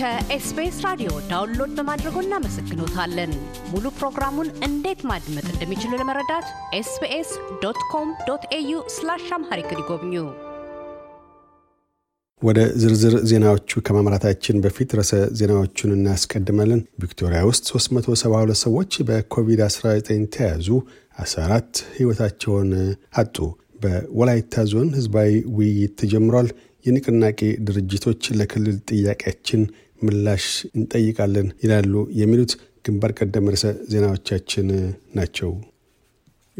ከኤስቢኤስ ራዲዮ ዳውንሎድ በማድረጎ እናመሰግኖታለን። ሙሉ ፕሮግራሙን እንዴት ማድመጥ እንደሚችሉ ለመረዳት ኤስቢኤስ ዶት ኮም ዶት ኤዩ ስላሽ አምሃሪክ ይጎብኙ። ወደ ዝርዝር ዜናዎቹ ከማምራታችን በፊት ርዕሰ ዜናዎቹን እናስቀድማለን። ቪክቶሪያ ውስጥ 372 ሰዎች በኮቪድ-19 ተያዙ፣ 14 ሕይወታቸውን አጡ። በወላይታ ዞን ህዝባዊ ውይይት ተጀምሯል። የንቅናቄ ድርጅቶች ለክልል ጥያቄያችን ምላሽ እንጠይቃለን ይላሉ የሚሉት ግንባር ቀደም ርዕሰ ዜናዎቻችን ናቸው።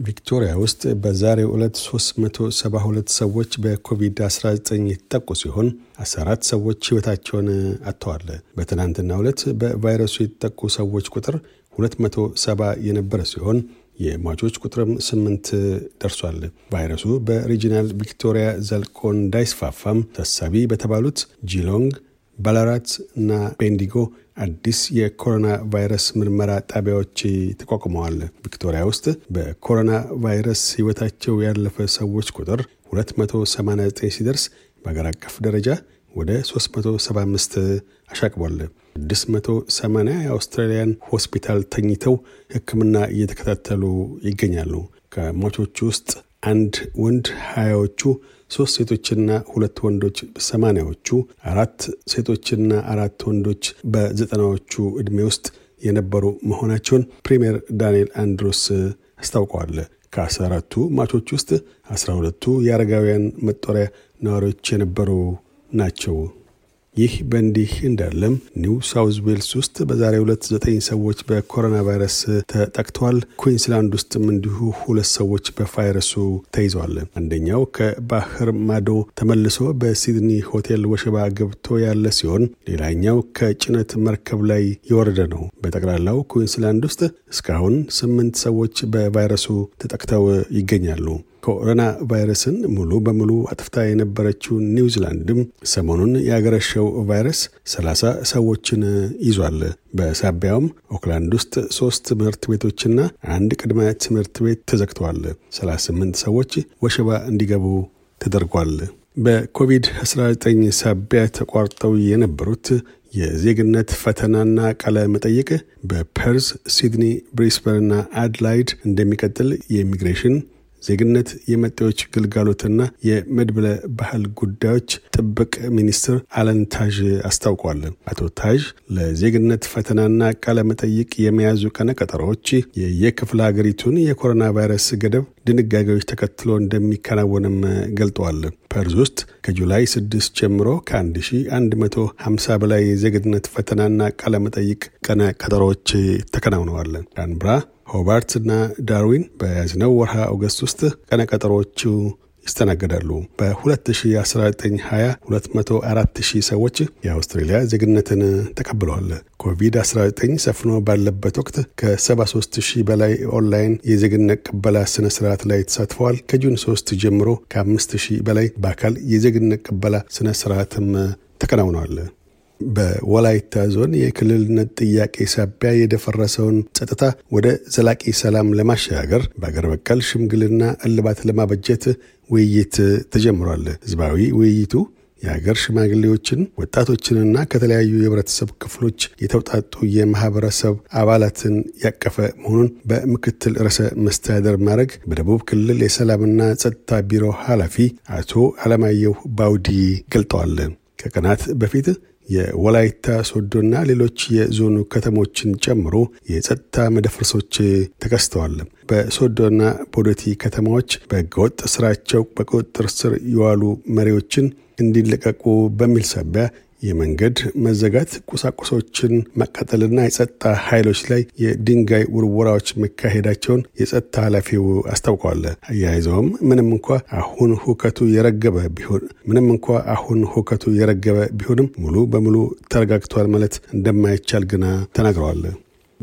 ቪክቶሪያ ውስጥ በዛሬው ዕለት 372 ሰዎች በኮቪድ-19 የተጠቁ ሲሆን 14 ሰዎች ሕይወታቸውን አጥተዋል። በትናንትና ዕለት በቫይረሱ የተጠቁ ሰዎች ቁጥር 270 የነበረ ሲሆን የሟቾች ቁጥርም ስምንት ደርሷል። ቫይረሱ በሪጂናል ቪክቶሪያ ዘልቆ እንዳይስፋፋም ተሳቢ በተባሉት ጂሎንግ ባላራት እና ቤንዲጎ አዲስ የኮሮና ቫይረስ ምርመራ ጣቢያዎች ተቋቁመዋል። ቪክቶሪያ ውስጥ በኮሮና ቫይረስ ሕይወታቸው ያለፈ ሰዎች ቁጥር 289 ሲደርስ በአገር አቀፍ ደረጃ ወደ 375 አሻቅቧል። 680 የአውስትራሊያን ሆስፒታል ተኝተው ሕክምና እየተከታተሉ ይገኛሉ። ከሟቾቹ ውስጥ አንድ ወንድ ሀያዎቹ ሶስት ሴቶችና ሁለት ወንዶች በሰማኒያዎቹ አራት ሴቶችና አራት ወንዶች በዘጠናዎቹ ዕድሜ ውስጥ የነበሩ መሆናቸውን ፕሪምየር ዳንኤል አንድሮስ አስታውቀዋል። ከአስራ አራቱ ማቾች ውስጥ አስራ ሁለቱ የአረጋውያን መጦሪያ ነዋሪዎች የነበሩ ናቸው። ይህ በእንዲህ እንዳለም ኒው ሳውዝ ዌልስ ውስጥ በዛሬ ሁለት ዘጠኝ ሰዎች በኮሮና ቫይረስ ተጠቅተዋል። ኩዊንስላንድ ውስጥም እንዲሁ ሁለት ሰዎች በቫይረሱ ተይዘዋል። አንደኛው ከባህር ማዶ ተመልሶ በሲድኒ ሆቴል ወሸባ ገብቶ ያለ ሲሆን ሌላኛው ከጭነት መርከብ ላይ የወረደ ነው። በጠቅላላው ኩንስላንድ ውስጥ እስካሁን ስምንት ሰዎች በቫይረሱ ተጠቅተው ይገኛሉ። ኮሮና ቫይረስን ሙሉ በሙሉ አጥፍታ የነበረችው ኒውዚላንድም ሰሞኑን ያገረሸው ቫይረስ 30 ሰዎችን ይዟል። በሳቢያውም ኦክላንድ ውስጥ ሶስት ትምህርት ቤቶችና አንድ ቅድመ ትምህርት ቤት ተዘግተዋል። 38 ሰዎች ወሸባ እንዲገቡ ተደርጓል። በኮቪድ-19 ሳቢያ ተቋርጠው የነበሩት የዜግነት ፈተናና ቃለ መጠይቅ በፐርዝ፣ ሲድኒ፣ ብሪስበንና አድላይድ እንደሚቀጥል የኢሚግሬሽን ዜግነት የመጤዎች ግልጋሎትና የመድብለ ባህል ጉዳዮች ጥብቅ ሚኒስትር አለን ታዥ አስታውቋል። አቶ ታዥ ለዜግነት ፈተናና ቃለ መጠይቅ የመያዙ ቀነ ቀጠሮዎች የየክፍለ ሀገሪቱን የኮሮና ቫይረስ ገደብ ድንጋጌዎች ተከትሎ እንደሚከናወንም ገልጠዋል። ፐርዝ ውስጥ ከጁላይ 6 ጀምሮ ከ1150 በላይ የዜግነት ፈተናና መጠይቅ ቀነ ቀጠሮዎች ተከናውነዋል። ዳንብራ እና ዳርዊን በያዝነው ወርሃ ኦገስት ውስጥ ቀነቀጠሮቹ ይስተናገዳሉ። በ2019 204 ሺህ ሰዎች የአውስትሬሊያ ዜግነትን ተቀብለዋል። ኮቪድ-19 ሰፍኖ ባለበት ወቅት ከ73 ሺህ በላይ ኦንላይን የዜግነት ቅበላ ስነ ስርዓት ላይ ተሳትፈዋል። ከጁን 3 ጀምሮ ከ5 ሺህ በላይ በአካል የዜግነት ቅበላ ስነ ስርዓትም ተከናውነዋል። በወላይታ ዞን የክልልነት ጥያቄ ሳቢያ የደፈረሰውን ጸጥታ ወደ ዘላቂ ሰላም ለማሸጋገር በአገር በቀል ሽምግልና እልባት ለማበጀት ውይይት ተጀምሯል። ህዝባዊ ውይይቱ የሀገር ሽማግሌዎችን ወጣቶችንና ከተለያዩ የህብረተሰብ ክፍሎች የተውጣጡ የማህበረሰብ አባላትን ያቀፈ መሆኑን በምክትል ርዕሰ መስተዳደር ማድረግ በደቡብ ክልል የሰላምና ጸጥታ ቢሮ ኃላፊ አቶ አለማየሁ ባውዲ ገልጠዋል። ከቀናት በፊት የወላይታ ሶዶና ሌሎች የዞኑ ከተሞችን ጨምሮ የጸጥታ መደፍርሶች ተከስተዋል። በሶዶና ቦዶቲ ከተማዎች በህገወጥ ስራቸው በቁጥጥር ስር የዋሉ መሪዎችን እንዲለቀቁ በሚል ሳቢያ የመንገድ መዘጋት፣ ቁሳቁሶችን ማቃጠልና የጸጥታ ኃይሎች ላይ የድንጋይ ውርወራዎች መካሄዳቸውን የጸጥታ ኃላፊው አስታውቀዋል። አያይዘውም ምንም እንኳ አሁን ሁከቱ የረገበ ቢሆን ምንም እንኳ አሁን ሁከቱ የረገበ ቢሆንም ሙሉ በሙሉ ተረጋግቷል ማለት እንደማይቻል ግና ተናግረዋል።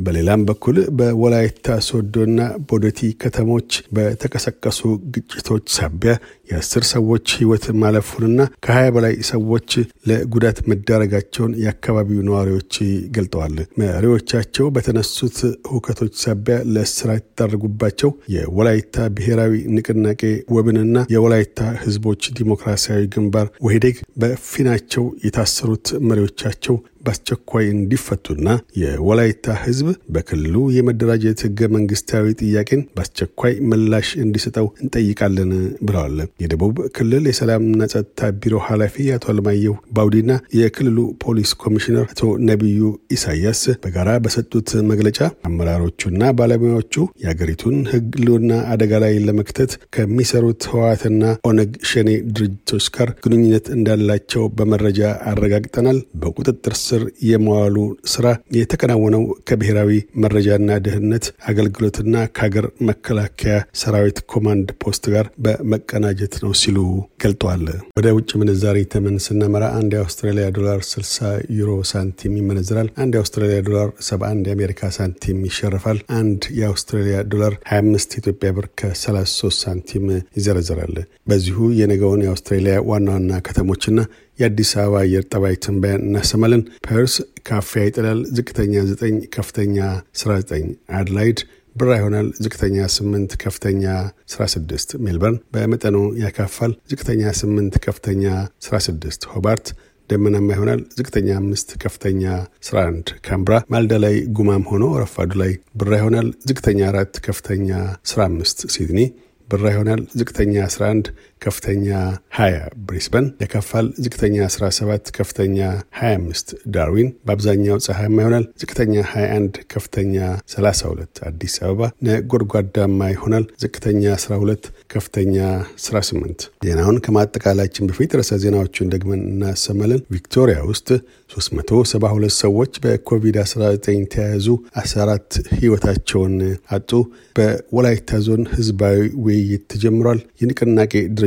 በሌላም በኩል በወላይታ ሶዶና ቦዶቲ ከተሞች በተቀሰቀሱ ግጭቶች ሳቢያ የአስር ሰዎች ሕይወት ማለፉንና ከሀያ በላይ ሰዎች ለጉዳት መዳረጋቸውን የአካባቢው ነዋሪዎች ገልጠዋል። መሪዎቻቸው በተነሱት ሁከቶች ሳቢያ ለስራ የተዳረጉባቸው የወላይታ ብሔራዊ ንቅናቄ ወብንና የወላይታ ህዝቦች ዲሞክራሲያዊ ግንባር ወሄዴግ በፊናቸው የታሰሩት መሪዎቻቸው በአስቸኳይ እንዲፈቱና የወላይታ ህዝብ በክልሉ የመደራጀት ህገ መንግስታዊ ጥያቄን በአስቸኳይ ምላሽ እንዲሰጠው እንጠይቃለን ብለዋል። የደቡብ ክልል የሰላምና ጸጥታ ቢሮ ኃላፊ አቶ አለማየሁ ባውዲና የክልሉ ፖሊስ ኮሚሽነር አቶ ነቢዩ ኢሳያስ በጋራ በሰጡት መግለጫ አመራሮቹና ባለሙያዎቹ የአገሪቱን ህልውና አደጋ ላይ ለመክተት ከሚሰሩት ህዋትና ኦነግ ሸኔ ድርጅቶች ጋር ግንኙነት እንዳላቸው በመረጃ አረጋግጠናል። በቁጥጥር ስር የመዋሉ ስራ የተከናወነው ከብሔራዊ መረጃና ደህንነት አገልግሎትና ከሀገር መከላከያ ሰራዊት ኮማንድ ፖስት ጋር በመቀናጀት ነው ሲሉ ገልጠዋል። ወደ ውጭ ምንዛሪ ተመን ስነመራ አንድ የአውስትራሊያ ዶላር 60 ዩሮ ሳንቲም ይመነዝራል። አንድ የአውስትራሊያ ዶላር 71 የአሜሪካ ሳንቲም ይሸርፋል። አንድ የአውስትራሊያ ዶላር 25 ኢትዮጵያ ብር ከ33 ሳንቲም ይዘረዝራል። በዚሁ የነገውን የአውስትራሊያ ዋና ዋና ከተሞችና የአዲስ አበባ አየር ጠባይ ትንበያ እናሰማለን። ፐርስ ካፊያ ይጥላል። ዝቅተኛ 9 ከፍተኛ 19። አድላይድ ብራ ይሆናል። ዝቅተኛ 8 ከፍተኛ 16። ሜልበርን በመጠኑ ያካፋል። ዝቅተኛ 8 ከፍተኛ 16። ሆባርት ደመናማ ይሆናል። ዝቅተኛ 5 ከፍተኛ 11። ካምብራ ማልዳ ላይ ጉማም ሆኖ ረፋዱ ላይ ብራ ይሆናል። ዝቅተኛ 4 ከፍተኛ 15። ሲድኒ ብራ ይሆናል። ዝቅተኛ 11 ከፍተኛ 20 ብሪስበን ያካፋል። ዝቅተኛ 17 ከፍተኛ 25 ዳርዊን በአብዛኛው ፀሐያማ ይሆናል። ዝቅተኛ 21 ከፍተኛ 32 አዲስ አበባ ነጎድጓዳማ ይሆናል። ዝቅተኛ 12 ከፍተኛ 18። ዜናውን ከማጠቃላችን በፊት ርዕሰ ዜናዎቹን ደግመን እናሰማለን። ቪክቶሪያ ውስጥ 372 ሰዎች በኮቪድ-19 ተያያዙ፣ 14 ህይወታቸውን አጡ። በወላይታ ዞን ህዝባዊ ውይይት ተጀምሯል። የንቅናቄ ድር